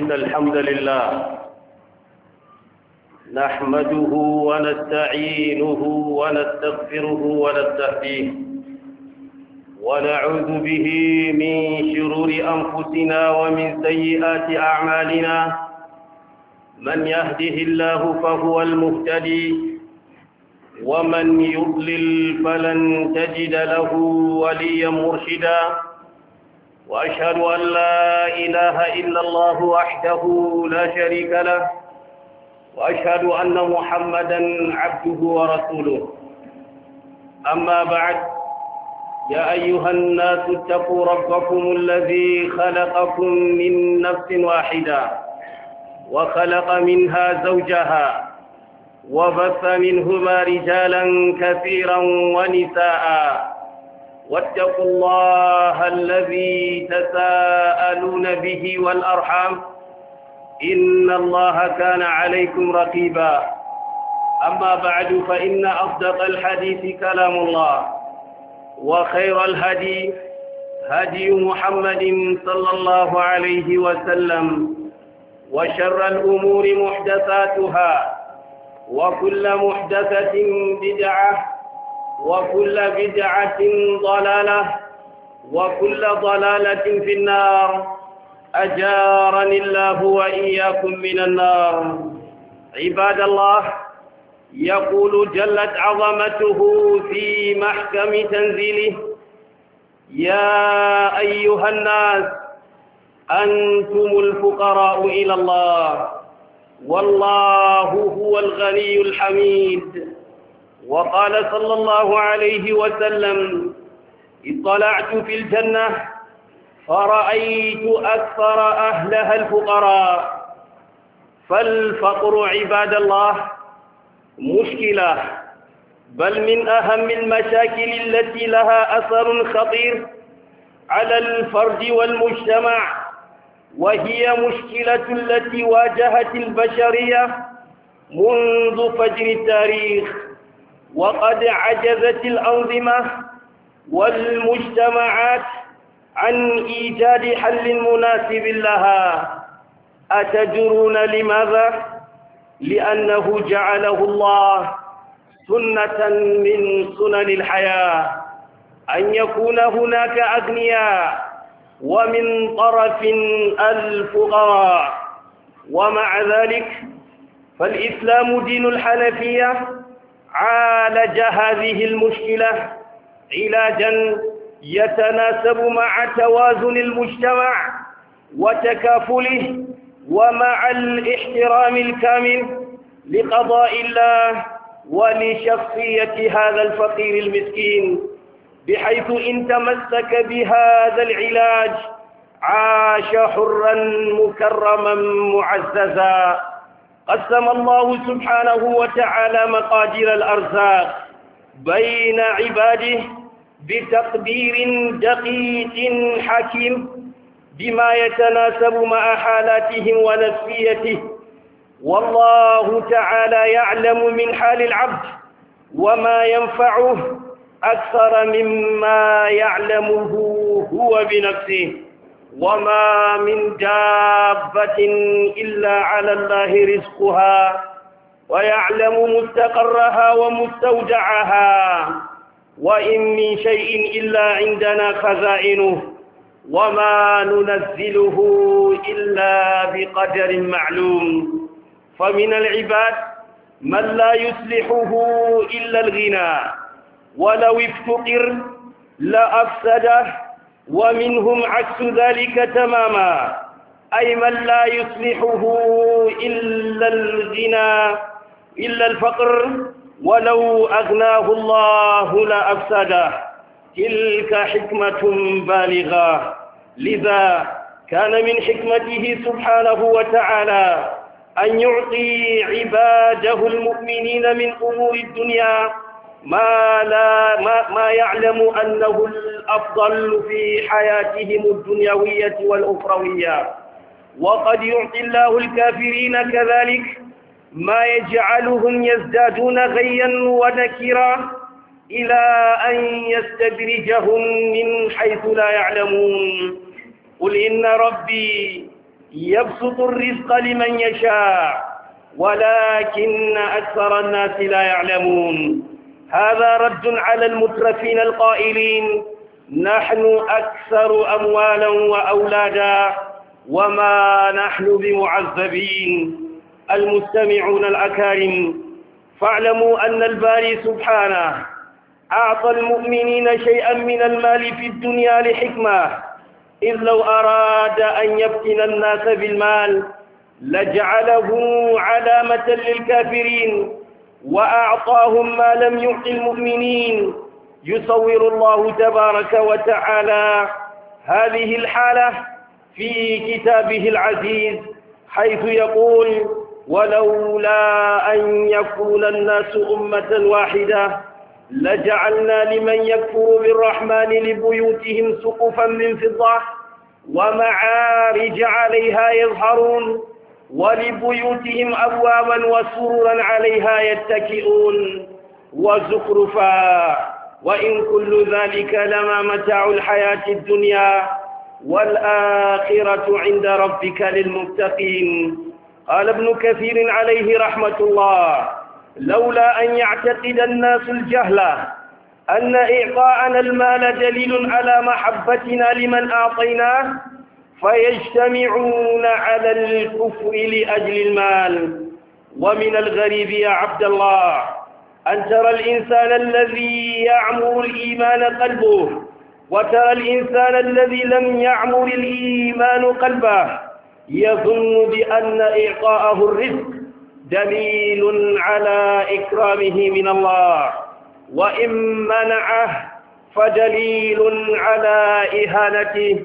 إن الحمد لله نحمده ونستعينه ونستغفره ونستهديه ونعوذ به من شرور أنفسنا ومن سيئات أعمالنا من يهده الله فهو المهتدي ومن يضلل فلن تجد له وليا مرشدا وأشهد أن لا إله إلا الله وحده لا شريك له وأشهد أن محمدا عبده ورسوله أما بعد يا أيها الناس اتقوا ربكم الذي خلقكم من نفس واحدة وخلق منها زوجها وبث منهما رجالا كثيرا ونساءً واتقوا الله الذي تساءلون به والأرحام إن الله كان عليكم رقيبا أما بعد فإن أصدق الحديث كلام الله وخير الهدي هدي محمد صلى الله عليه وسلم وشر الأمور محدثاتها وكل محدثة بدعة وكل بدعة ضلالة وكل ضلالة في النار أجارني الله وإياكم من النار عباد الله يقول جلت عظمته في محكم تنزيله يا أيها الناس أنتم الفقراء إلى الله والله هو الغني الحميد وقال صلى الله عليه وسلم اطلعت في الجنة فرأيت أكثر أهلها الفقراء فالفقر عباد الله مشكلة بل من أهم المشاكل التي لها أثر خطير على الفرد والمجتمع وهي مشكلة التي واجهت البشرية منذ فجر التاريخ وقد عجزت الأنظمة والمجتمعات عن إيجاد حل مناسب لها أتدرون لماذا؟ لأنه جعله الله سنة من سنن الحياة أن يكون هناك أغنياء ومن طرف الفقراء ومع ذلك فالإسلام دين الحنفية عالج هذه المشكلة علاجا يتناسب مع توازن المجتمع وتكافله ومع الاحترام الكامل لقضاء الله ولشخصية هذا الفقير المسكين بحيث إن تمسك بهذا العلاج عاش حرا مكرما معززا قسم الله سبحانه وتعالى مقادير الأرزاق بين عباده بتقدير دقيق حكيم بما يتناسب مع حالاتهم ونفسيته والله تعالى يعلم من حال العبد وما ينفعه أكثر مما يعلمه هو بنفسه وما من دابة إلا على الله رزقها ويعلم مستقرها ومستودعها وإن من شيء إلا عندنا خزائنه وما ننزله إلا بقدر معلوم فمن العباد من لا يصلحه إلا الغنى ولو افتقر لأفسده ومنهم عكس ذلك تماما أي من لا يصلحه إلا الغنى إلا الفقر ولو أغناه الله لأفسده تلك حكمة بالغة لذا كان من حكمته سبحانه وتعالى أن يعطي عباده المؤمنين من أمور الدنيا ما, لا ما, ما يعلم أنه الأفضل في حياتهم الدنيوية والأخروية وقد يعطي الله الكافرين كذلك ما يجعلهم يزدادون غيا ونكرا إلى أن يستدرجهم من حيث لا يعلمون قل إن ربي يبسط الرزق لمن يشاء ولكن أكثر الناس لا يعلمون هذا رد على المترفين القائلين نحن أكثر أموالا وأولادا وما نحن بمعذبين المستمعون الأكارم فاعلموا أن الباري سبحانه أعطى المؤمنين شيئا من المال في الدنيا لحكمة إذ لو أراد أن يفتن الناس بالمال لجعله علامة للكافرين وأعطاهم ما لم يعط المؤمنين يصور الله تبارك وتعالى هذه الحالة في كتابه العزيز حيث يقول ولولا أن يكون الناس أمة واحدة لجعلنا لمن يكفر بالرحمن لبيوتهم سقفا من فضة ومعارج عليها يظهرون ولبيوتهم أبوابا وسررا عليها يتكئون وزخرفا وإن كل ذلك لما متاع الحياة الدنيا والآخرة عند ربك للمتقين قال ابن كثير عليه رحمة الله لولا أن يعتقد الناس الجهلة أن إعطاءنا المال دليل على محبتنا لمن أعطيناه فيجتمعون على الكفر لأجل المال ومن الغريب يا عبد الله أن ترى الإنسان الذي يعمر الإيمان قلبه وترى الإنسان الذي لم يعمر الإيمان قلبه يظن بأن إعطاءه الرزق دليل على إكرامه من الله وإن منعه فدليل على إهانته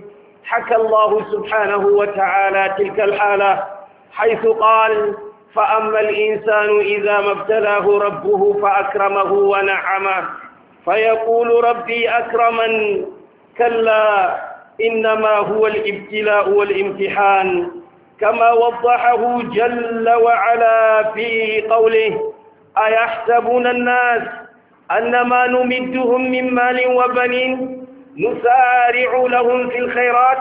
حكى الله سبحانه وتعالى تلك الحالة حيث قال فأما الإنسان إذا ما ابتلاه ربه فأكرمه ونعمه فيقول ربي أكرمن كلا إنما هو الابتلاء والامتحان كما وضحه جل وعلا في قوله أيحسبون الناس أنما نمدهم من مال وبنين نسارع لهم في الخيرات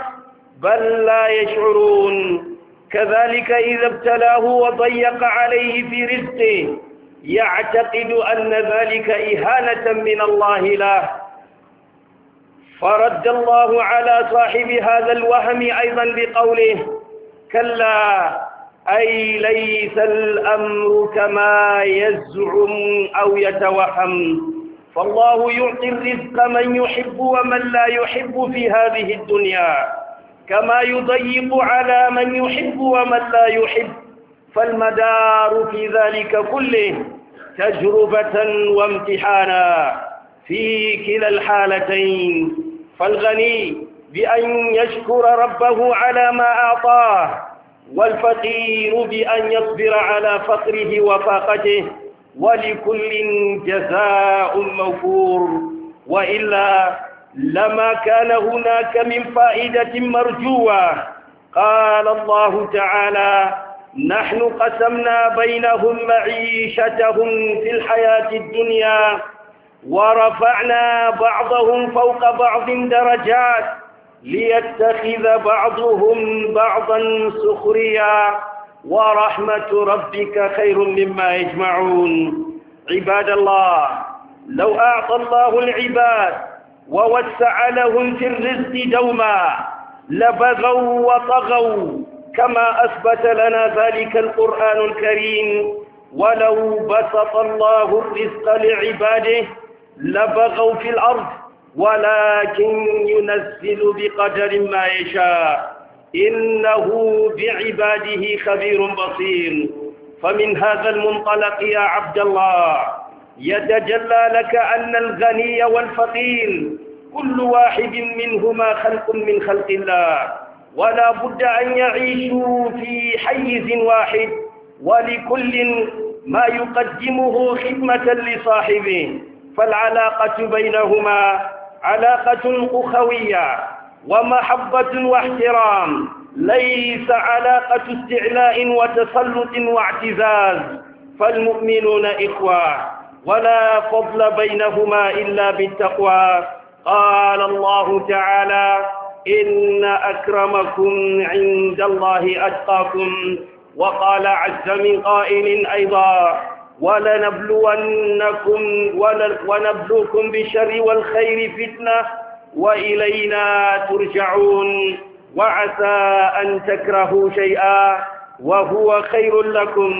بل لا يشعرون كذلك إذا ابتلاه وضيق عليه في رزقه يعتقد أن ذلك إهانة من الله له فرد الله على صاحب هذا الوهم أيضا بقوله كلا أي ليس الأمر كما يزعم أو يتوهم فالله يعطي الرزق من يحب ومن لا يحب في هذه الدنيا كما يضيق على من يحب ومن لا يحب فالمدار في ذلك كله تجربة وامتحانا في كلا الحالتين فالغني بأن يشكر ربه على ما أعطاه والفقير بأن يصبر على فقره وفاقته ولكل جزاء موفور وإلا لما كان هناك من فائدة مرجوة قال الله تعالى نحن قسمنا بينهم معيشتهم في الحياة الدنيا ورفعنا بعضهم فوق بعض درجات ليتخذ بعضهم بعضا سخريا ورحمة ربك خير مما يجمعون عباد الله لو أعطى الله العباد ووسع لهم في الرزق دوما لبغوا وطغوا كما أثبت لنا ذلك القرآن الكريم ولو بسط الله الرزق لعباده لبغوا في الأرض ولكن ينزل بقدر ما يشاء إنه بعباده خبير بصير فمن هذا المنطلق يا عبد الله يتجلى لك أن الغني والفقير كل واحد منهما خلق من خلق الله ولا بد أن يعيشوا في حيز واحد ولكل ما يقدمه خدمة لصاحبه فالعلاقة بينهما علاقة أخوية ومحبة واحترام ليس علاقة استعلاء وتسلط واعتزاز فالمؤمنون إخوة ولا فضل بينهما إلا بالتقوى قال الله تعالى إن أكرمكم عند الله أتقاكم وقال عز من قائل أيضا ولنبلونكم ونبلوكم بالشر والخير فتنة وإلينا ترجعون وعسى أن تكرهوا شيئا وهو خير لكم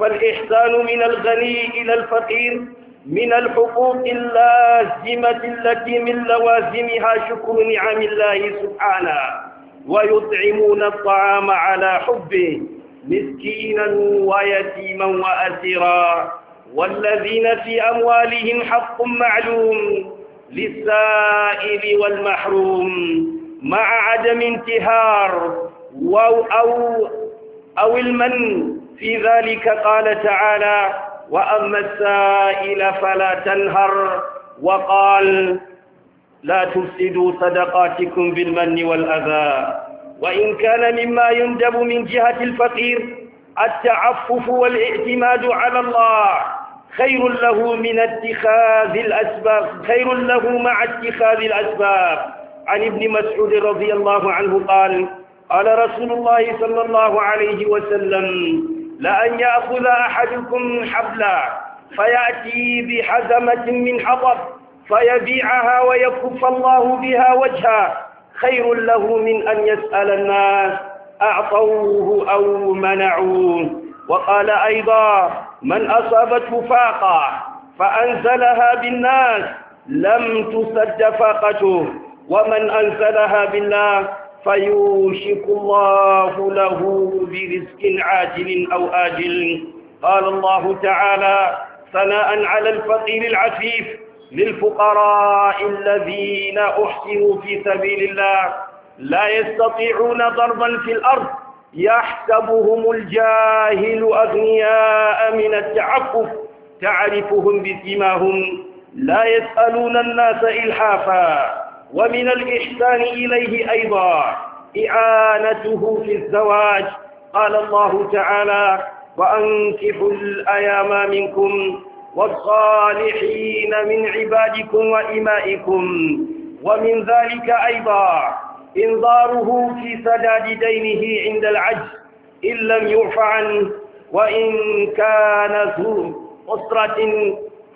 فالإحسان من الغني إلى الفقير من الحقوق اللازمة التي من لوازمها شكر نعم الله سبحانه ويطعمون الطعام على حبه مسكينا ويتيما وأسيرا والذين في أموالهم حق معلوم للسائل والمحروم مع عدم انتهار أو, أو, أو المن في ذلك قال تعالى وأما السائل فلا تنهر وقال لا تفسدوا صدقاتكم بالمن والأذى وإن كان مما يندب من جهة الفقير التعفف والاعتماد على الله خير له من اتخاذ الأسباب خير له مع اتخاذ الأسباب عن ابن مسعود رضي الله عنه قال قال رسول الله صلى الله عليه وسلم لأن يأخذ أحدكم حبلا فيأتي بحزمة من حطب فيبيعها ويكف الله بها وجهه خير له من أن يسأل الناس أعطوه أو منعوه وقال أيضا من أصابته فاقة فأنزلها بالناس لم تسد فاقته ومن أنزلها بالله فيوشك الله له برزق عاجل أو آجل قال الله تعالى ثناء على الفقير العفيف للفقراء الذين أحسنوا في سبيل الله لا يستطيعون ضربا في الأرض يحسبهم الجاهل أغنياء من التعفف تعرفهم بسماهم لا يسألون الناس إلحافا ومن الإحسان إليه أيضا إعانته في الزواج قال الله تعالى وأنكحوا الأيام منكم والصالحين من عبادكم وإمائكم ومن ذلك أيضا إنظاره في سداد دينه عند العجز إن لم يعفى عنه وإن كان ذو أسرة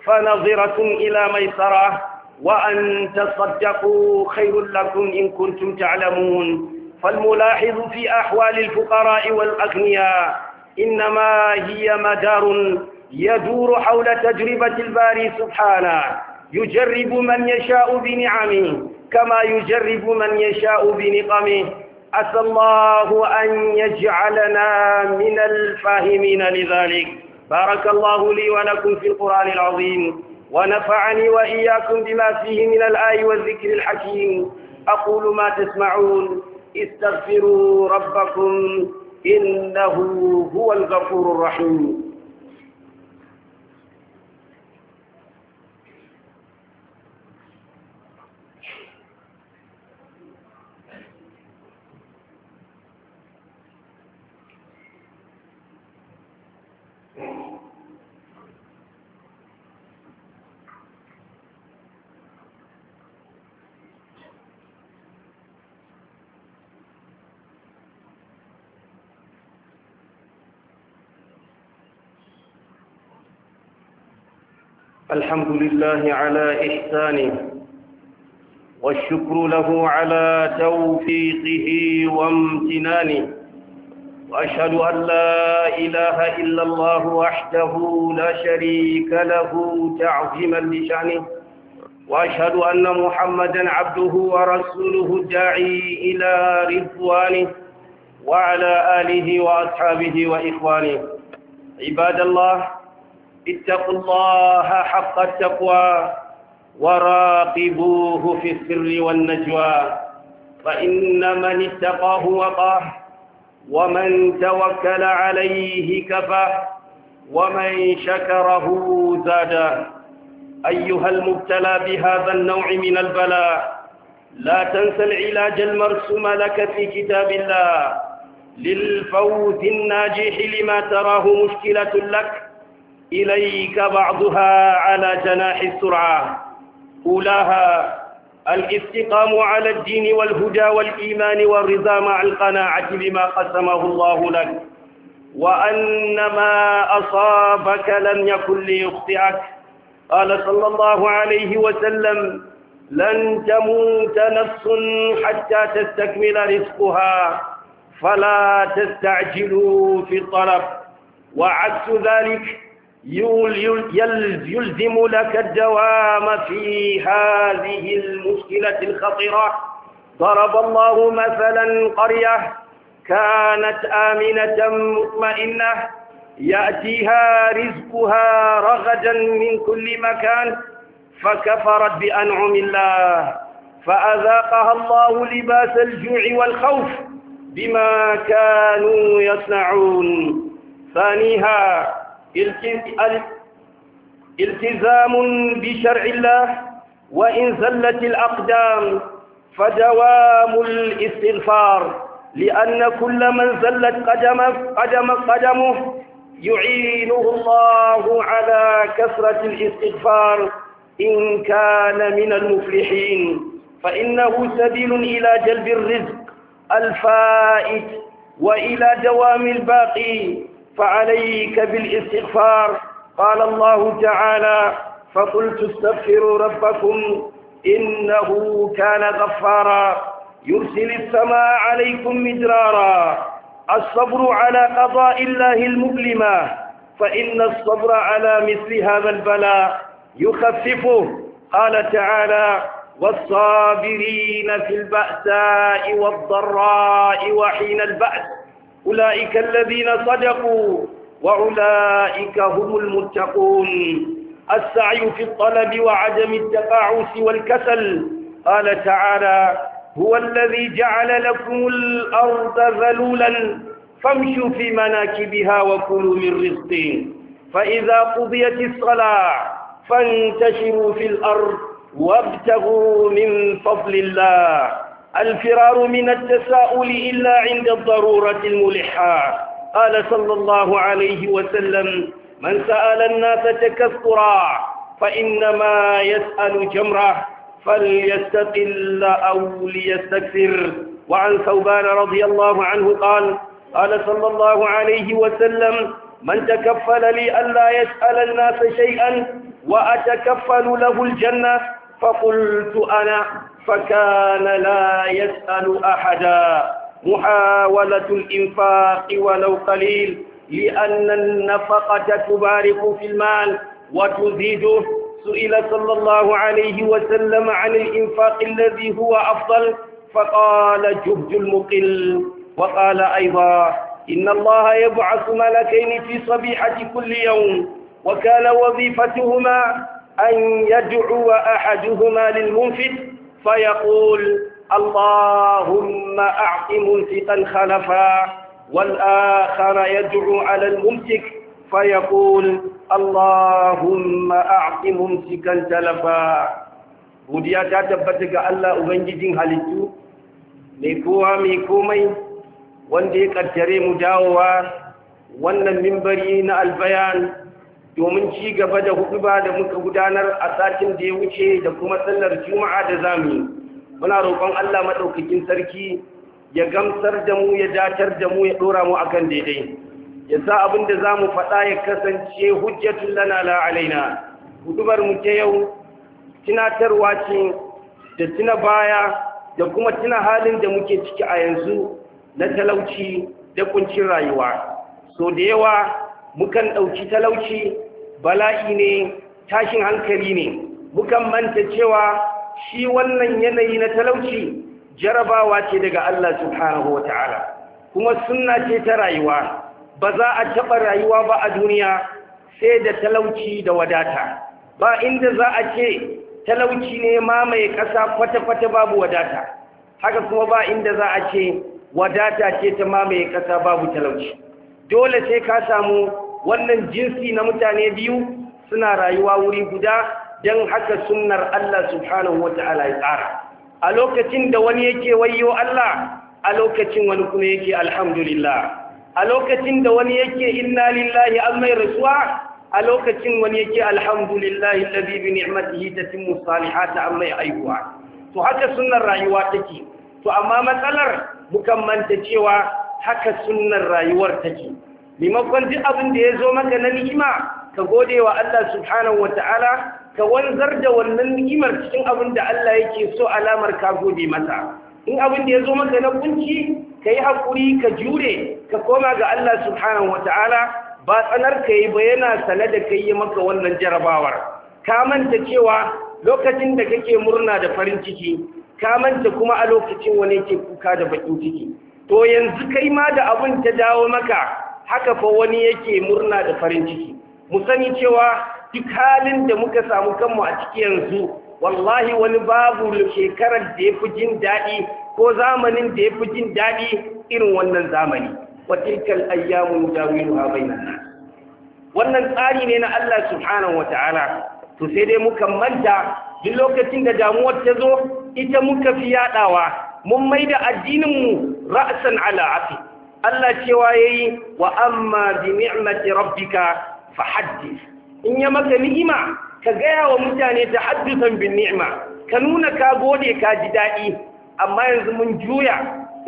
فنظرة إلى ميسرة وأن تصدقوا خير لكم إن كنتم تعلمون فالملاحظ في أحوال الفقراء والأغنياء إنما هي مدار يدور حول تجربة الباري سبحانه يجرب من يشاء بنعمه كما يجرب من يشاء بنقمه عسى الله أن يجعلنا من الفاهمين لذلك بارك الله لي ولكم في القرآن العظيم ونفعني وإياكم بما فيه من الآي والذكر الحكيم أقول ما تسمعون استغفروا ربكم إنه هو الغفور الرحيم الحمد لله على إحسانه والشكر له على توفيقه وامتنانه وأشهد أن لا إله إلا الله وحده لا شريك له تعظيما لشأنه وأشهد أن محمدا عبده ورسوله الداعي إلى رضوانه وعلى آله وأصحابه وإخوانه عباد الله اتقوا الله حق التقوى وراقبوه في السر والنجوى فإن من اتقاه وقاه ومن توكل عليه كفاه ومن شكره زاده أيها المبتلى بهذا النوع من البلاء لا تنسى العلاج المرسوم لك في كتاب الله للفوز الناجح لما تراه مشكلة لك إليك بعضها على جناح السرعة أولاها الاستقام على الدين والهدى والإيمان والرضا مع القناعة بما قسمه الله لك وأن ما أصابك لم يكن ليخطئك قال صلى الله عليه وسلم لن تموت نفس حتى تستكمل رزقها فلا تستعجلوا في الطلب وعكس ذلك يلزم لك الدوام في هذه المشكلة الخطرة ضرب الله مثلا قرية كانت آمنة مطمئنة يأتيها رزقها رغدا من كل مكان فكفرت بأنعم الله فأذاقها الله لباس الجوع والخوف بما كانوا يصنعون ثانيها التزام بشرع الله وإن زلت الأقدام فدوام الاستغفار لأن كل من زلت قدمه, قدمه, قدمه يعينه الله على كثرة الاستغفار إن كان من المفلحين فإنه سبيل إلى جلب الرزق الفائت وإلى دوام الباقي فعليك بالاستغفار قال الله تعالى فقلت استغفروا ربكم إنه كان غفارا يرسل السماء عليكم مدرارا الصبر على قضاء الله المؤلمة فإن الصبر على مثل هذا البلاء يخففه قال تعالى والصابرين في البأساء والضراء وحين البأس أولئك الذين صدقوا وأولئك هم المتقون السعي في الطلب وعدم التقاعس والكسل قال تعالى هو الذي جعل لكم الأرض ذلولا فامشوا في مناكبها وكلوا من رزقه فإذا قضيت الصلاة فانتشروا في الأرض وابتغوا من فضل الله الفرار من التساؤل إلا عند الضرورة الملحة قال صلى الله عليه وسلم من سأل الناس تكثرا فإنما يسأل جمره فليستقل أو ليستكثر وعن ثوبان رضي الله عنه قال قال صلى الله عليه وسلم من تكفل لي ألا يسأل الناس شيئا وأتكفل له الجنة فقلت أنا فكان لا يسأل أحدا محاولة الإنفاق ولو قليل لأن النفقة تبارك في المال وتزيده سئل صلى الله عليه وسلم عن الإنفاق الذي هو أفضل فقال جهد المقل وقال أيضا إن الله يبعث ملكين في صبيحة كل يوم وكان وظيفتهما أن يدعو أحدهما للمنفق فيقول اللهم أعط ممسكا خلفا والآخر يدعو على الممسك فيقول اللهم أعط ممسكا تلفا بوديا تاتبتك الله أغنجزين هلتو ميكوها ميكومي وانديك التري مجاوة وانا المنبرين البيان domin ci gaba da huduba da muka gudanar a satin da ya wuce da kuma sallar juma'a da zami muna roƙon Allah maɗaukakin sarki ya gamsar da mu ya datar da mu ya ɗora mu akan daidai ya sa abin da za mu faɗa ya kasance hujjatun lana la alaina hudubar mu ta yau tunatarwa ce da tuna baya da kuma tuna halin da muke ciki a yanzu na talauci da kuncin rayuwa so da yawa mukan ɗauki talauci bala'i ne tashin hankali ne mukan manta cewa shi wannan yanayi na talauci jarabawa ce daga Allah subhanahu wa ta'ala kuma sunna ce ta rayuwa ba za a taɓa rayuwa ba a duniya sai da talauci da wadata ba inda za a ce talauci ne mamaye ƙasa kwata-kwata babu wadata haka kuma ba inda za a ce wadata ce ta mamaye ƙasa babu talauci dole sai ka samu wannan jinsi na mutane biyu suna rayuwa wuri guda don haka sunnar Allah subhanahu wa ta'ala ya tsara a lokacin da wani yake wayo Allah a lokacin wani kuma yake alhamdulillah a lokacin da wani yake inna lillahi an mai rasuwa a lokacin wani yake alhamdulillahi alladhi bi ni'matihi tatimmu salihata an mai aihuwa to haka sunnar rayuwa take to amma matsalar mukan manta cewa haka sunnar rayuwar take limakon duk abin da ya zo maka na ni'ima ka gode wa Allah subhanahu wa ta'ala ka wanzar da wannan ni'imar cikin abin da Allah yake so alamar ka gode masa in abin da ya zo maka na kunci ka yi haƙuri ka jure ka koma ga Allah subhanahu wa ta'ala ba tsanar ka yi ba yana sane da ka yi maka wannan jarabawar ka manta cewa lokacin da kake murna da farin ciki ka manta kuma a lokacin wani ke kuka da bakin ciki to yanzu kai ma da abin ta dawo maka haka fa wani yake murna da farin ciki mu sani cewa duk halin da muka samu kanmu a ciki yanzu wallahi wani babu shekarar da ya fi jin daɗi ko zamanin da ya fi jin daɗi irin wannan zamani wa tilkal ayyamu ha bainan wannan tsari ne na Allah subhanahu wataala to sai dai muka manta duk lokacin da damuwar ta zo ita muka fi yaɗawa mun maida addininmu ra'san ala afi Allah cewa yayi wa amma bi ni'mati rabbika fahaddith in ya maka ni'ima ka gaya wa mutane tahaddusan bin ni'ma ka nuna ka gode ka ji daɗi amma yanzu mun juya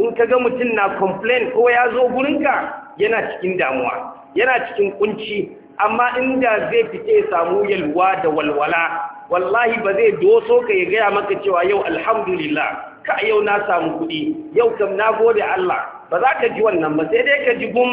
in ka ga mutum na complain ko ya zo gurinka yana cikin damuwa yana cikin kunci amma inda zai fita ya samu yalwa da walwala wallahi ba zai doso ka ya gaya maka cewa yau alhamdulillah ka yau na samu kuɗi yau kam na gode Allah ba za ka ji wannan ba sai dai ka ji gum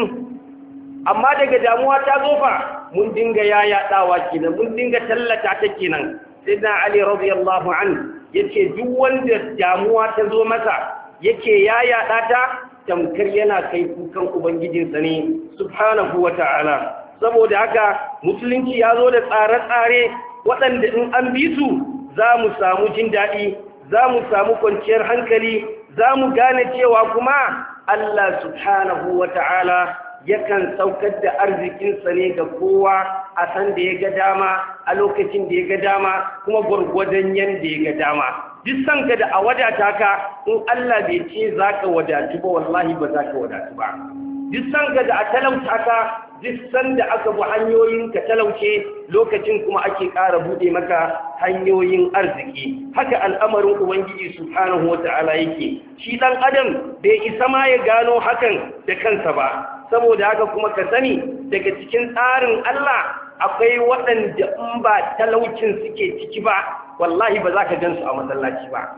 amma daga damuwa ta zo fa mun dinga yayaɗawa kenan mun dinga tallata ta kenan sai na ali radiyallahu an Yake duk wanda damuwa ta zo masa yake yayaɗa ta tamkar yana kai kukan ubangijinsa ne subhanahu wa ta'ala saboda haka musulunci ya zo da tsare-tsare waɗanda in an bi su za mu samu jin daɗi za mu samu kwanciyar hankali za mu gane cewa kuma Allah subhanahu wa ta'ala yakan saukar da arzikinsa ne ga kowa a san da ya ga dama a lokacin da ya ga dama kuma gwargwadon yadda ya ga dama duk san ka da a wadata ka in Allah bai ce za ka wadatu ba wallahi ba za ka wadatu ba duk ga da a talauta ka duk da aka bu hanyoyin ka talauce lokacin kuma ake ƙara buɗe maka hanyoyin arziki haka al'amarin ubangiji subhanahu wata'ala yake shi ɗan adam bai isa ma ya gano hakan da kansa ba saboda haka kuma ka sani daga cikin tsarin Allah akwai waɗanda in ba talaucin suke ciki ba wallahi ba za ka gansu a masallaci ba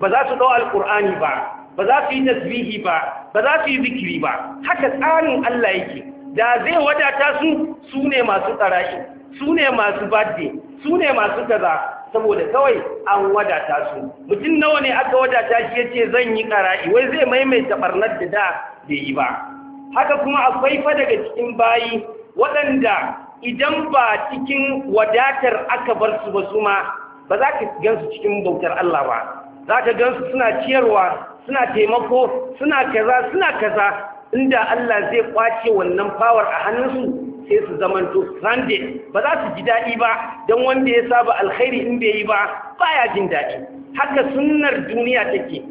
ba za su ɗau alƙur'ani ba ba za su yi nasbihi ba ba za su yi zikiri ba haka tsarin Allah yake da zai wadata su su ne masu tsara'i su ne masu badde su ne masu kaza saboda kawai an wadata su mutum nawa ne aka wadata shi ce zan yi ƙara'i wai zai maimaita barnar da da bai yi ba haka kuma akwai fa daga cikin bayi waɗanda idan ba cikin wadatar aka bar su ba su ma ba za ka su cikin bautar Allah ba za ka gan su suna ciyarwa suna taimako suna kaza suna kaza inda Allah zai kwace wannan power a hannunsu sai su zamanto stranded ba za su ji daɗi ba don wanda ya saba alkhairi in bai yi ba baya jin daɗi haka sunnar duniya take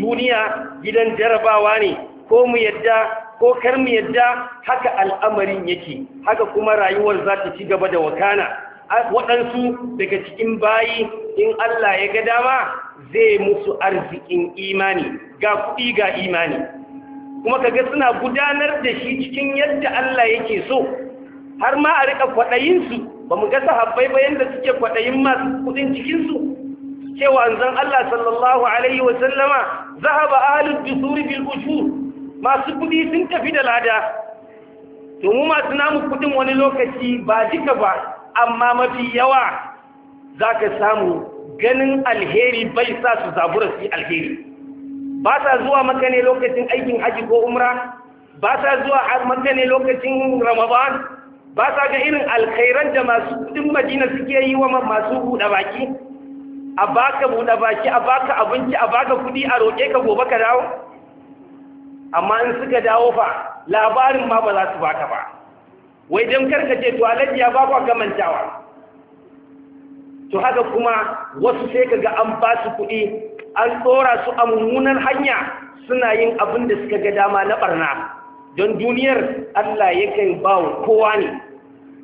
duniya gidan jarabawa ne ko mu yadda ko kar mu yadda haka al'amarin yake haka kuma rayuwar za ta ci gaba da wakana waɗansu daga cikin bayi in Allah ya ga dama zai musu arzikin imani ga kuɗi ga imani kuma ka ga suna gudanar da shi cikin yadda Allah yake so har ma a riƙa kwaɗayinsu ba mu gasa sahabbai ba yadda suke kwaɗayin masu kuɗin cikinsu cewa zan Allah sallallahu alaihi wa ba zahaba ahlul dusuri bil masu kuɗi sun tafi da lada to masu namu kuɗin wani lokaci ba duka ba amma mafi yawa za ka samu ganin alheri bai sa su zabura su yi alheri ba sa zuwa maka ne lokacin aikin haji ko umra ba sa zuwa maka ne lokacin ramadan ba sa ga irin alkhairan da masu kudin madina suke yi wa masu buɗe baki a baka buɗe baki a baka abinci a baka kudi a roƙe ka gobe ka dawo amma in suka dawo fa labarin ma ba za su baka ba wai don karkace to alaji ya ba kwa kamantawa to haka kuma wasu sai kaga an ba su kuɗi an tsora su a mummunan hanya suna yin abin da suka ga dama na barna don duniyar Allah yakan ba wa kowa ne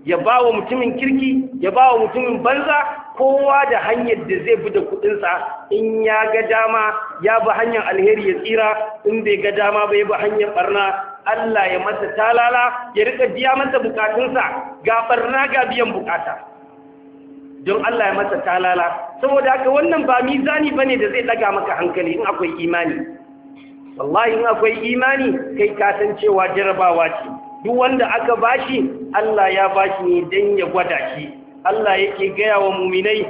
ya ba wa mutumin kirki ya ba wa mutumin banza kowa da hanyar da zai bi da kuɗinsa in ya ga dama ya bi hanyar alheri ya tsira in bai ga dama ba ya bi hanyar barna Allah ya masa talala ya rika biya masa bukatunsa ga barna ga biyan bukata don Allah ya masa talala saboda haka wannan ba mizani bane da zai daga maka hankali in akwai imani wallahi in akwai imani kai ka san cewa jarabawa ce duk wanda aka bashi Allah ya bashi ne dan ya gwada shi Allah yake gaya wa muminai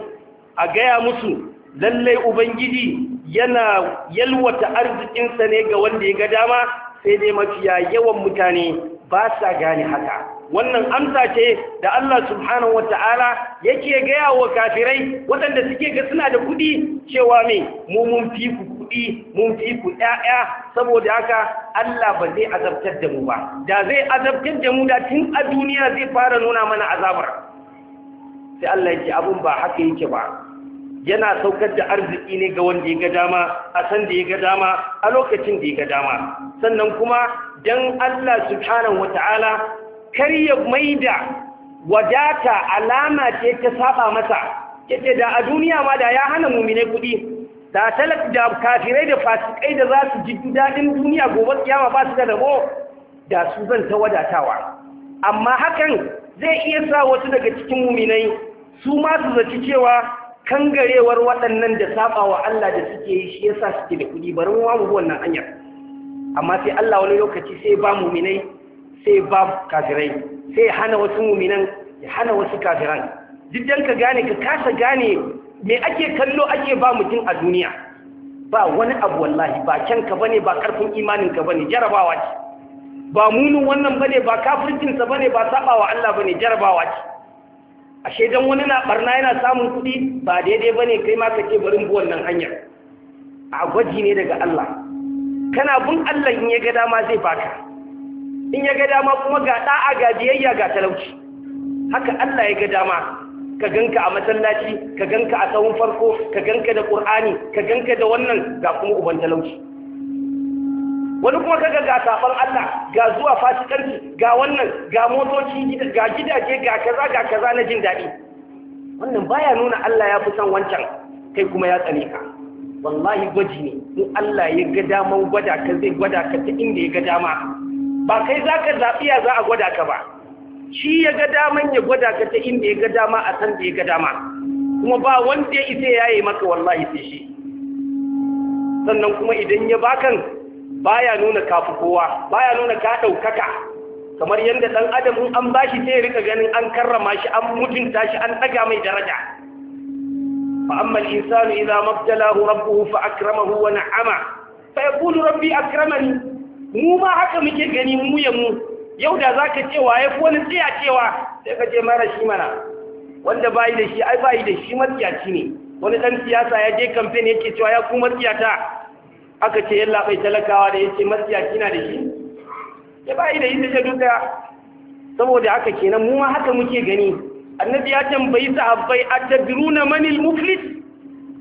a gaya musu lallai ubangiji yana yalwata arzikinsa ne ga wanda ya ga dama sai dai mafiya yawan mutane ba sa gane haka wannan amsa ce da Allah subhanahu wata'ala yake gaya wa kafirai waɗanda suke ga suna da kuɗi cewa me mu mun fi ku kuɗi mun fi ku ƴaƴa saboda haka Allah ba zai azabtar da mu ba da zai azabtar da mu da tun a duniya zai fara nuna mana azabar sai Allah ya ce abun ba haka yake ba yana saukar da arziki ne ga wanda ya ga dama a san da ya ga dama a lokacin da ya ga dama sannan kuma dan Allah subhanahu wataala kar ya maida wadata alama ce ta saba masa yace da a duniya ma da ya hana mu'mine kudi da talak da kafirai da fasikai da za su ji dadin duniya gobe kiyama ba su da rabo da su zan ta wadatawa amma hakan zai iya sa wasu daga cikin mu'minai su ma su zaci cewa kangarewar waɗannan da saba wa Allah da suke yi shi yasa suke da kuɗi bari mu mu wannan hanyar amma sai Allah wani lokaci sai ba muminai sai ba kafirai sai hana wasu muminan ya hana wasu kafiran duk dan ka gane ka kasa gane me ake kallo ake ba mutum a duniya ba wani abu wallahi ba ka bane ba karfin imanin ka bane jarabawa ce ba munin wannan bane ba kafircinsa bane ba saba wa Allah bane jarabawa ce ashe dan wani na ɓarna yana samun kuɗi ba daidai ba ne kai ma kake barin buwan nan hanyar a gwaji ne daga Allah kana bin Allah in ya ga dama zai baka in ya ga dama kuma ga da'a ga biyayya ga talauci haka Allah ya ga dama ka ganka a masallaci ka ganka a tsawon farko ka ganka da ƙur'ani, ka ganka da wannan ga kuma uban talauci wani kuma kaga ga sabon Allah ga zuwa fasikanci ga wannan ga motoci ga gidaje ga kaza ga kaza na jin daɗi wannan baya nuna Allah ya fi son wancan kai kuma ya tsane ka wallahi gwaji ne in Allah ya ga daman gwada ka zai gwada ka ta inda ya ga dama ba kai za ka zaɓi za a gwada ka ba shi ya ga daman ya gwada ka ta inda ya ga dama a san da ya ga dama kuma ba wanda ya isa ya yi maka wallahi sai shi sannan kuma idan ya bakan baya nuna kafi kowa baya nuna ka ɗaukaka kamar yadda ɗan adam in an bashi sai rika ganin an karrama shi an mutunta shi an ɗaga mai daraja fa amma al-insanu idza mabtalahu rabbuhu fa akramahu wa na'ama fa yaqulu rabbi akramani mu ma haka muke gani mu ya mu yau da zaka ce wa yafi wani tsaya cewa sai ka ce mara shi mana wanda bai da shi ai bai da shi matsiyaci ne wani dan siyasa ya je campaign yake cewa ya kuma tsiyata aka ce yalla bai talakawa da yace masiya kina da shi ya bai da ita jadu saboda haka kenan mu ma haka muke gani annabi ya tambayi sahabbai atadruna manil muflis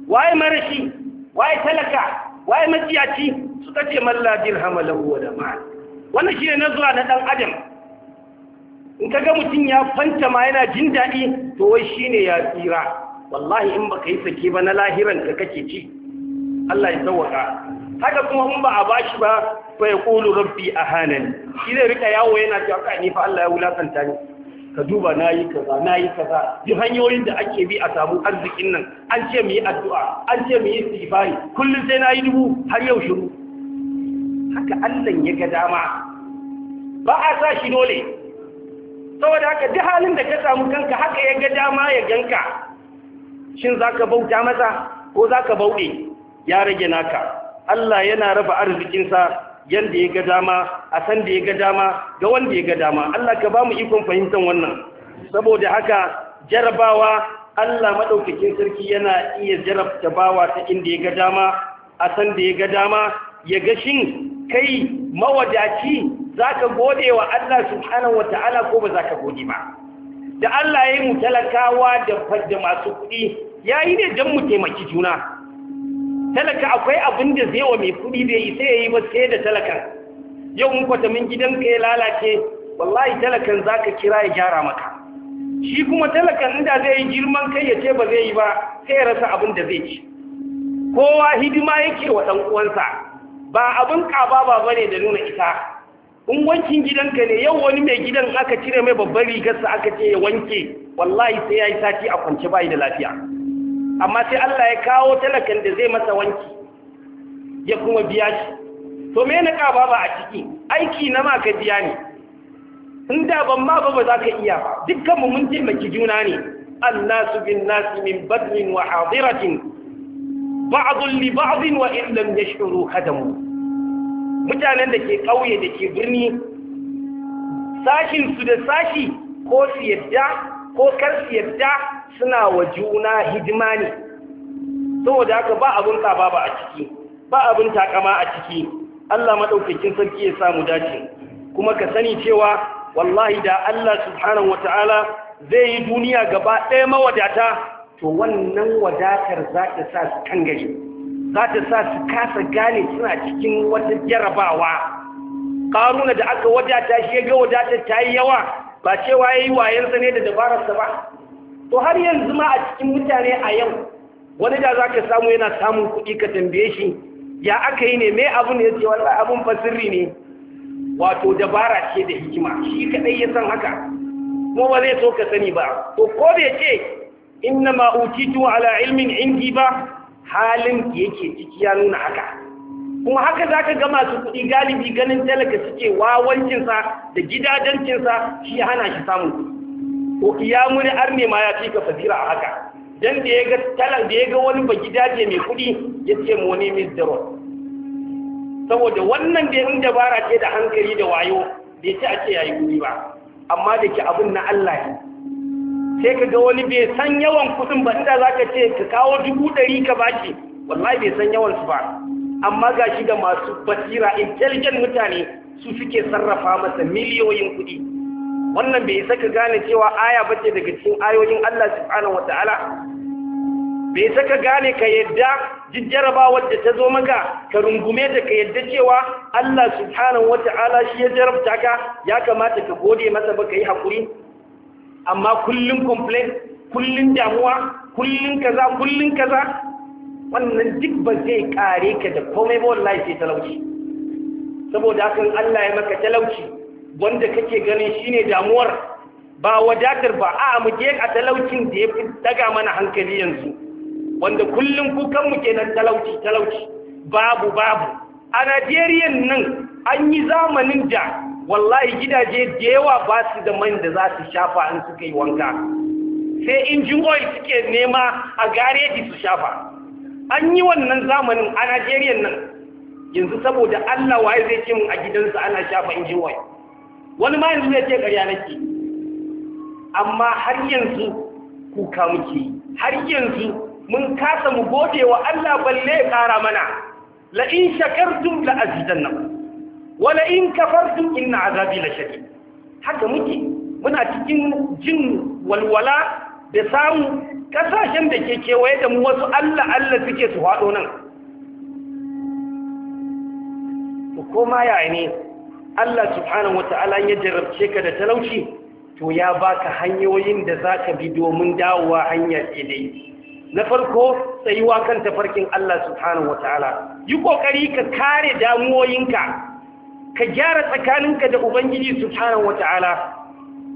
waye marashi waye talaka waye ci? suka ce malla dirham lahu wa mal wannan ne nazara na dan adam in kaga mutum ya fanta ma yana jin daɗi to wai shine ya tsira wallahi in baka yi sake ba na lahiran ka kake ci Allah ya sauwaka haka kuma in ba a bashi ba fa ya kulu rabbi a hanani shi zai rika yawo yana cewa ka ni fa Allah ya wulakanta ni ka duba nayi kaza nayi kaza Ji hanyoyin da ake bi a samu arzikin nan an ce mu yi addu'a an ce mu yi istighfari kullum sai nayi dubu har yau shiru haka Allah ya ga dama ba a sa shi dole saboda haka duk halin da ka samu kanka haka ya ga dama ya ganka shin zaka bauta masa ko zaka bauɗe ya rage naka Allah yana raba arzikinsa yadda ya ga dama a san da ya ga dama ga wanda ya ga dama Allah ka ba mu ikon fahimtar wannan saboda haka jarabawa Allah maɗaukakin sarki yana iya jarabta bawa ta inda ya ga dama a san da ya ga dama ya ga shin kai mawadaci za ka gode wa Allah subhanahu wata'ala ko ba za ka gode ba da Allah ya yi mu talakawa da masu kuɗi ya yi ne don mu taimaki juna talaka akwai abin da zai wa mai kuɗi bai yi sai ya yi ba sai da talaka. yau in min gidanka ya lalace wallahi talakan za ka kira ya gyara maka shi kuma talakan inda zai yi girman kai ya ce ba zai yi ba sai ya rasa abin da zai ci kowa hidima yake wa ɗan uwansa ba abin kaba ba bane da nuna isa in wankin gidanka ne yau wani mai gidan aka cire mai babbar rigarsa aka ce ya wanke wallahi sai ya yi sati a kwance bayi da lafiya amma sai Allah ya kawo talakan da zai masa wanki ya kuma biya shi to me na ƙaba a ciki aiki na ma ka biya ne in da ban ma ba ba za ka iya dukkan mu mun taimaki juna ne annasu bin nasi min badrin wa hadiratin ba'dun li wa in lam yashuru hadamu mutanen da ke ƙauye da ke birni sashin su da sashi ko su yadda ko kar su suna wa juna hidima ne saboda haka ba abin tsaba ba a ciki ba abin takama a ciki Allah maɗaukakin sarki ya samu dace kuma ka sani cewa wallahi da Allah subhanahu wata'ala zai yi duniya gaba ɗaya mawadata to wannan wadatar za ta sa su kan gari za ta sa su kasa gane suna cikin wata jarabawa ƙaruna da aka wadata shi ya wadatar ta yi yawa ba cewa ya yi wayansa ne da dabararsa ba to har yanzu ma a cikin mutane a yau wani da za ka samu yana samun kuɗi ka tambaye shi ya aka yi ne mai abu ne yace wallahi abun fasiri ne wato dabara ce da hikima shi kaɗai ya san haka kuma ba zai so ka sani ba to ko bai ce inna ma utitu ala ilmin indi ba halin yake ciki ya nuna haka kuma haka zaka ga masu kuɗi galibi ganin talaka suke wawancinsa da sa shi hana shi samun kuɗi ko iya muni arne ma ya fi ka fadira a haka dan da ya ga talan da ya ga wani baki daje mai kuɗi ya ce mu ne daro saboda wannan da inda dabara ce da hankali da wayo bai ci a ce yayi kudi ba amma da ke abin na Allah ne sai ka ga wani bai san yawan kuɗin ba inda za ce ka kawo dubu ɗari ka baki wallahi bai san yawan su ba amma ga da masu basira intelligent mutane su suke sarrafa masa miliyoyin kuɗi wannan bai isa ka gane cewa aya bace daga cikin ayoyin Allah subhanahu wataala bai isa ka gane ka yadda jijjaraba wadda ta zo maka ka rungume da ka yadda cewa Allah subhanahu wataala shi ya jarabta ka ya kamata ka gode masa ba ka yi hakuri amma kullum complain kullum damuwa kullum kaza kullum kaza wannan duk ba zai kare ka da komai ba wallahi sai talauci saboda hakan Allah ya maka talauci wanda kake ganin shine damuwar ba wadatar ba a mu je a talaucin da ya fi daga mana hankali yanzu wanda kullum kukanmu nan talauci talauci babu babu a Najeriya nan an yi zamanin da wallahi gidaje da yawa ba su da man da za su shafa an suka yi wanka sai injin oil suke nema a gareji su shafa an yi wannan zamanin a Najeriya nan yanzu saboda Allah waye zai ce mun a gidansa ana shafa injin oil wani ma yanzu ya ce ƙarya nake amma har yanzu kuka muke har yanzu mun kasa mu gode wa Allah balle ya ƙara mana la in shakartum la azidannakum wa la in kafartum inna azabi la shadid haka muke muna cikin jin walwala da samu kasashen da ke kewaye da mu wasu Allah Allah suke su haɗo nan ko ma yaya ne Allah subhanahu wata'ala ya jarabce ka da talauci to ya baka hanyoyin da za ka bi domin dawowa hanya daidai na farko tsayuwa kan tafarkin Allah subhanahu wata'ala yi kokari ka kare damuwoyinka ka gyara tsakaninka da ubangiji subhanahu wata'ala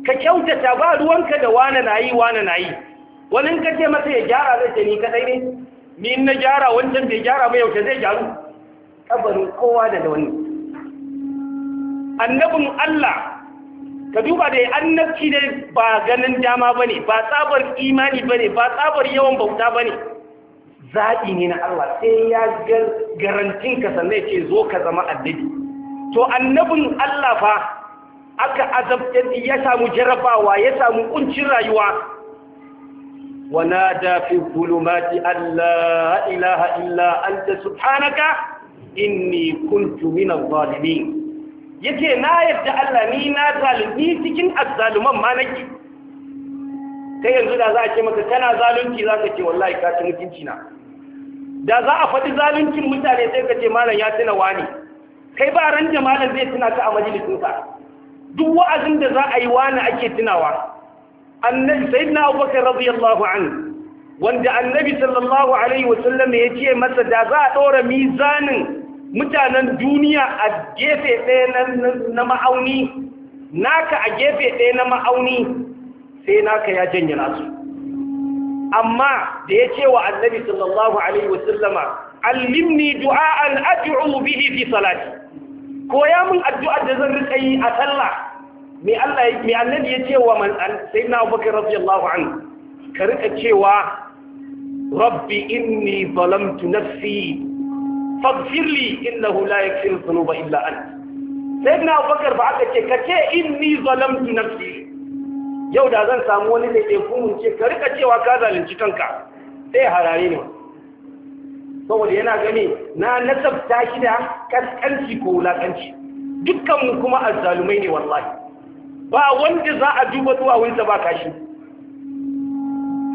ka kyautata ba ruwanka da wane na yi wane na yi wani ka ce masa ya gyara zai ce ni kadai ne ni na gyara wancan bai gyara ba yaushe zai gyaru kabarin kowa da da wani annabin Allah ka duba da annabci ne ba ganin dama ba ne ba tsabar imani ba ne ba tsabar yawan bauta ba ne zaɓi ne na Allah sai ya garantin ka sannan ce zo ka zama annabi to annabin Allah fa aka azabtar ya samu jarabawa ya samu kuncin rayuwa ونادى في الظلمات أن لا إله إلا أنت سبحانك إني كنت من yace na yarda Allah ni na zalimi cikin azzaluman ma nake kai yanzu da za a ce maka kana zalunci za ka ce wallahi ka ci mutunci na da za a faɗi zaluncin mutane sai ka ce malam ya tuna wani kai ba ran da malam zai tuna ka a majalisinsa duk wa'azin da za a yi wani ake tunawa annabi sayyidina abubakar radiyallahu anhu wanda annabi sallallahu alaihi wasallam ya ce masa da za a ɗora mizanin mutanen duniya a gefe ɗaya na ma'auni naka a gefe ɗaya na ma'auni sai naka ya janye nasu amma da ya ce wa annabi sallallahu alaihi wasallama allimni du'a'an ad'u bihi fi salati koya min addu'ar da zan rika yi a sallah me Allah mai annabi ya ce wa man sayyidina Abubakar radiyallahu anhu ka rika cewa rabbi inni zalamtu nafsi faghfir li innahu la yaghfiru dhunuba illa Sai sayyidina abubakar ba aka ce kace inni zalamtu nafsi yau da zan samu wani da ke kumun ce ka rika cewa ka zalunci kanka sai harare ne saboda yana gani na nasabta shi da kaskanci ko wulakanci dukkanmu kuma azzalumai ne wallahi ba wanda za a duba duwawunsa ba kashi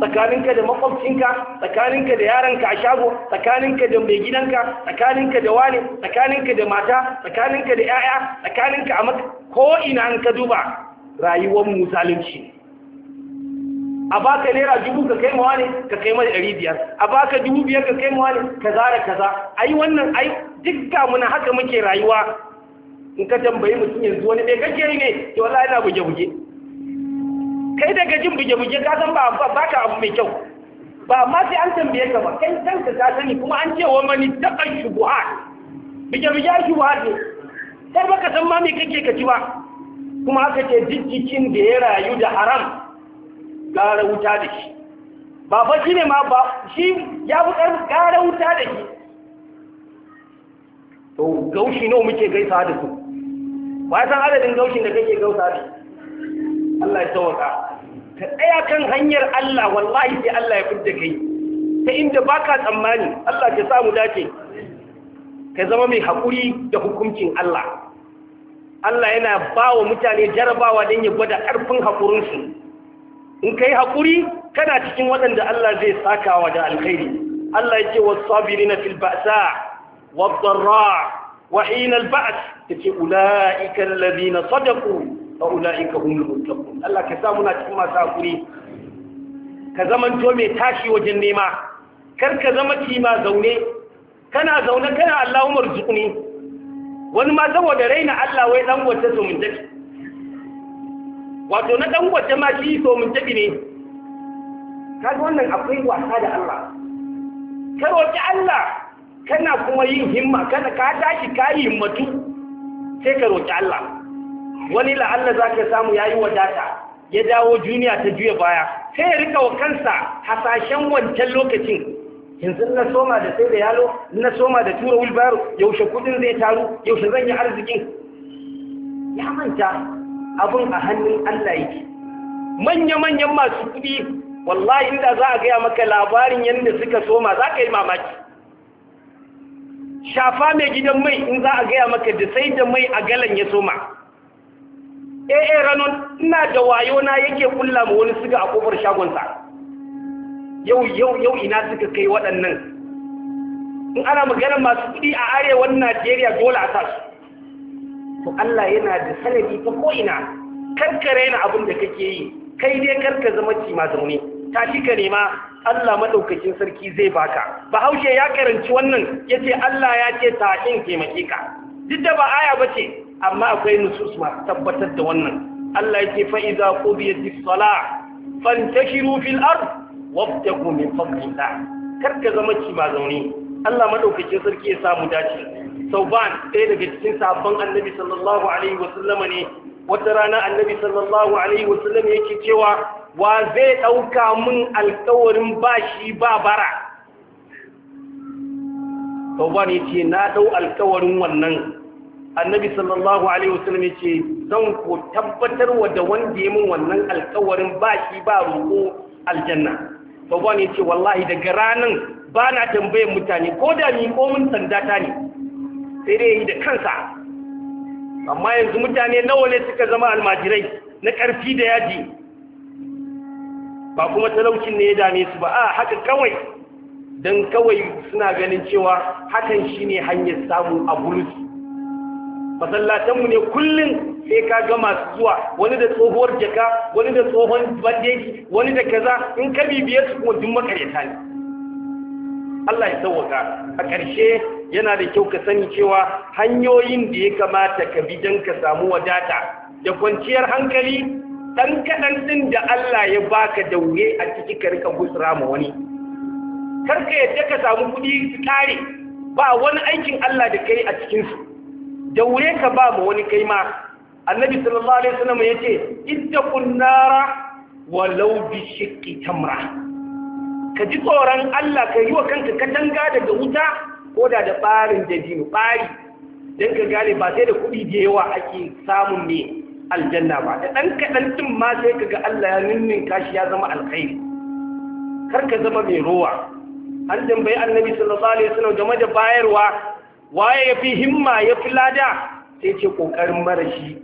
tsakaninka da makwabcinka tsakaninka da yaranka a shago tsakaninka da mai gidanka tsakaninka da wani tsakaninka da mata tsakaninka da 'ya'ya tsakaninka a ko ina an ka duba rayuwar musalunci a baka naira dubu ka kai mawa ne ka kai mai ɗari biyar a baka dubu biyar ka kai mawa ne kaza da kaza yi wannan a yi, duk muna haka muke rayuwa in ka tambayi mutum yanzu wani ɗaya kake ne ke wala yana buge-buge kai daga jin buge-buge ka san ba ba ka abu mai kyau ba ma sai an tambaye ka ba kai kanka ka sani kuma an ce wa mani taɓa shubuha buge-buge shubuha ne sai baka san ma me kake ka ci ba kuma aka ce jikin da ya rayu da haram gara wuta da shi ba fa shi ne ma ba shi ya fi gara wuta da shi to gaushi nawa muke gaisa da su ba san adadin gaushin da kake gausa da shi Allah ya tawaka ka tsaya kan hanyar Allah wallahi sai Allah ya fidda kai ta inda ka tsammani Allah ya samu dace ka zama mai haƙuri da hukuncin Allah Allah yana ba wa mutane jarabawa don ya gwada ƙarfin haƙurinsu in ka yi haƙuri kana cikin waɗanda Allah zai sakawa da alkhairi Allah ya ce wa sabiri na filba'sa wa zarra wa hinal ba'as ta ce ula'ikar na sadaku fa’ula’inka ulaika humul muttaqun Allah ka sa muna cikin masu haƙuri ka to mai tashi wajen nema kar ka zama kima zaune kana zaune kana umar zuƙuni wani ma saboda raina Allah wai ɗan wata so mun tafi wato na ɗan wata ma shi so mun tafi ne kaga wannan akwai wasa da Allah kar roki Allah kana kuma yin himma kana ka tashi ka himmatu sai ka roƙi Allah wani la'alla za ka samu ya yi wadata ya dawo duniya ta juya baya sai ya rika wa kansa hasashen wancan lokacin yanzu na soma da sai da yalo na soma da tura wilbaro yaushe kudin zai taru yaushe zan yi arzikin ya manta abin a hannun allah yake manya-manyan masu kudi wallahi inda za a gaya maka labarin yadda suka soma za ka yi mamaki shafa mai gidan mai in za a gaya maka da sai da mai a galan ya soma E'e, eh, eh, ranon ina da wayo na yake kulla ma wani siga a kofar shagonsa yau yau yau ina suka kai waɗannan in ana magana masu kuɗi a arewan Najeriya dole a tasu to Allah yana da sanadi ta ko ina karkare ni abin da kake yi kai dai karka zama ma zaune ta ka nema Allah madaukakin sarki zai baka bahaushe ya karanci wannan yace Allah ya ce ta in taimake ka duk da ba aya bace amma akwai nusus masu tabbatar da wannan Allah yake fa idza qudiyatis salah fantashiru fil ard wabtagu min fadlillah karka zama ci ma zaune Allah maɗaukacin sarki ya samu dace Sau ba ɗaya daga cikin sabon annabi sallallahu alaihi wasallama ne wata rana annabi sallallahu alaihi wasallam yake cewa wa zai ɗauka min alkawarin bashi ba bara tauban ya ce na ɗau alkawarin wannan annabi sallallahu alaihi wasallam ya ce zan ku tabbatar wa da wanda ya min wannan alkawarin ba shi ba roƙo aljanna babban ya ce wallahi daga ranan ba na tambayar mutane ko da ni mi komin ta ne sai dai yi da kansa amma yanzu mutane nawa ne suka zama almajirai na ƙarfi da yaji ba kuma talaucin ne ya dame su ba a ah, haka kawai don kawai suna ganin cewa hakan shine hanyar samun a masallatanmu ne kullum sai ka ga masu zuwa wani da tsohuwar jaka wani da tsohon bandeji wani da kaza in ka bibiye su kuma duk makareta ne Allah ya sauwaka a ƙarshe yana da kyau ka sani cewa hanyoyin da ya kamata ka bi don ka samu wadata da kwanciyar hankali dan kaɗan ɗin da Allah ya baka daure a ciki ka rika gusura ma wani karka yadda ka samu kuɗi tare ba wani aikin Allah da kai a cikinsu daure ka ba mu wani kai ma annabi sallallahu alaihi wasallam yace ittaqun nara walau bi shiqqi tamra ka ji tsoron Allah ka yi wa kanka katanga daga wuta ko da da barin mu bari dan ka gane ba sai da kuɗi da yawa ake samun ne aljanna ba da ɗan kaɗan ɗin ma sai ka ga Allah ya ninnin kashi ya zama alkhairi kar ka zama mai rowa an tambayi annabi sallallahu alaihi wasallam game da bayarwa waye ya fi himma ya fi lada sai ce ƙoƙarin mara shi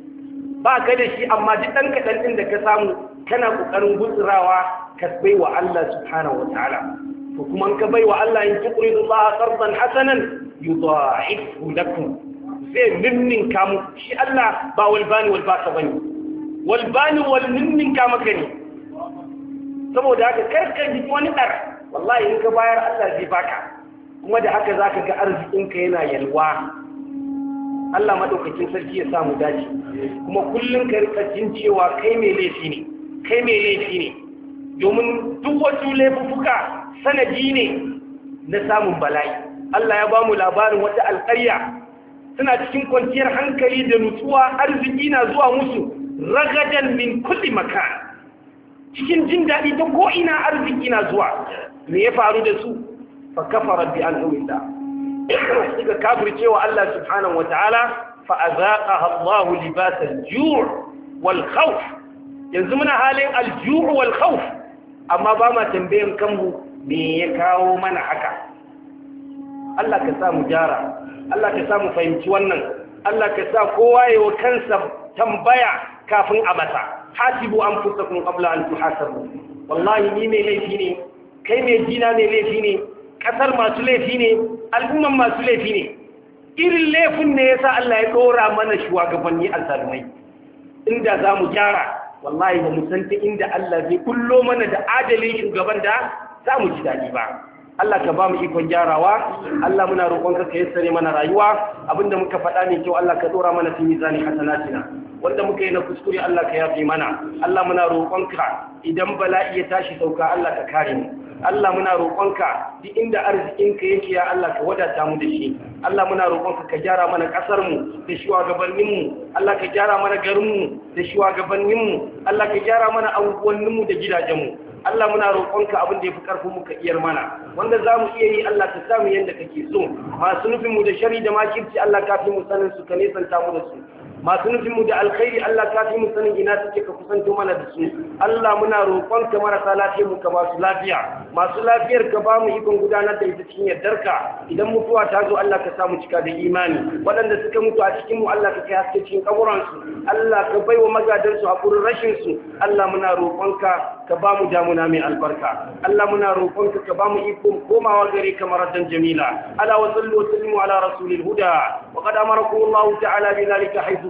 ba ka da shi amma ji ɗan kaɗan ɗin da ka samu kana ƙoƙarin gutsurawa ka bai wa Allah subhanahu wa ta'ala to kuma ka bai wa Allah in tuqri Allah qardan hasanan yudha'ifu lakum sai minnin kamu shi Allah ba walbani walbaka bane walbani wal minnin ka ne saboda haka karkar jikin wani dar wallahi in ka bayar Allah zai baka kuma da haka za ka ga arzikinka yana yalwa Allah maɗaukacin sarki ya samu dace kuma kullum ka rika jin cewa kai mai laifi ne kai mai laifi ne domin duk wasu laifuka sanadi ne na samun bala'i Allah ya ba mu labarin wata alƙarya suna cikin kwanciyar hankali da nutsuwa arziki na zuwa musu ragadan min kulli makan cikin jin daɗi ta ko'ina arziki na zuwa me ya faru da su fa kafara bi an'umillah suka kafirce wa Allah subhanahu wataala fa azaqaha Allah libas al-ju' wal khawf yanzu muna halin al-ju' wal khawf amma ba ma tambayan kanmu me ya kawo mana haka Allah ka sa mu jara Allah ka sa mu fahimci wannan Allah ka sa kowa yayi wa kansa tambaya kafin a masa hasibu anfusakum qabla an tuhasabu wallahi ni mai laifi ne kai mai jina mai laifi ne ƙasar masu laifi ne al'umman masu laifi ne irin laifin ne sa Allah ya ɗora mana shugabanni alzalumai inda za mu gyara wallahi ba mu inda Allah zai kullo mana da adalin shugaban da za mu ji daɗi ba Allah ka ba mu ikon gyarawa Allah muna roƙonka ka yassare mana rayuwa abinda muka faɗa ne kyau Allah ka dora mana fi mizani hasanatina wanda muka yi na kuskure Allah ka yafe mana Allah muna roƙonka idan bala'i ya tashi sauka Allah ka kare mu Allah muna roƙonka duk inda arzikinka yake ya Allah ka wadata mu da shi Allah muna roƙonka ka gyara mana ƙasar mu da shugabannin mu Allah ka gyara mana garin mu da shugabannin mu Allah ka gyara mana abubuwan mu da gidajen mu Allah muna roƙonka abin da yafi karfin mu ka iyar mana wanda zamu iya yi Allah ka samu yanda kake so masu nufin mu da shari da makirci Allah ka fi mu sanin su ka nesanta mu da su masu nufin mu da alkhairi Allah ka fi mu sanin ina suke ka kusanto mana da su Allah muna roƙon ka marasa lafiyar mu ka ba su lafiya masu lafiyar ka ba mu ikon gudanar da ita cikin yardarka idan mutuwa ta zo Allah ka samu cika da imani waɗanda suka mutu a cikin mu Allah ka kai haske cikin kaburan Allah ka baiwa magadan su hakurin rashin su Allah muna roƙon ka ka ba mu damuna mai albarka Allah muna roƙon ka ka ba mu ikon komawa gare ka maradan jamila ala wa sallu wa sallimu ala rasulil huda wa qad amarakum Allah ta'ala bi dhalika haythu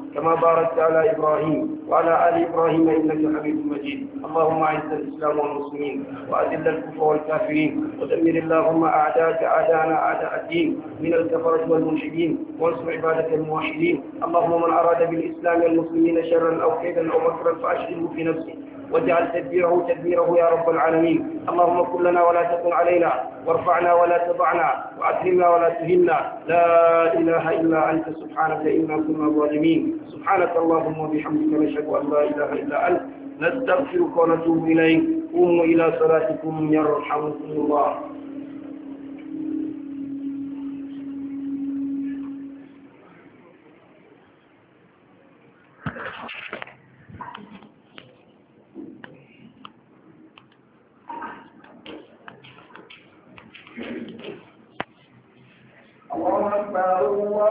كما باركت على إبراهيم وعلى آل إبراهيم إنك حميد مجيد اللهم أعز الإسلام والمسلمين وأذل الكفر والكافرين ودمر اللهم أعداءك أعداءنا أعداء الدين من الكفرة والملحدين وانصر عبادك الموحدين اللهم من أراد بالإسلام والمسلمين شرا أو كيدا أو مكرا فأشغله في نفسه واجعل تدبيره تدبيره يا رب العالمين اللهم كن لنا ولا تكن علينا وارفعنا ولا تضعنا وأكرمنا ولا تهنا لا إله إلا أنت سبحانك إنا كنا ظالمين سبحانك اللهم وبحمدك نشهد أن لا إله إلا أنت نستغفرك ونتوب إليك قوموا إلى صلاتكم يرحمكم الله Thank you. Àwọn ọmọ ìgbà owó wá.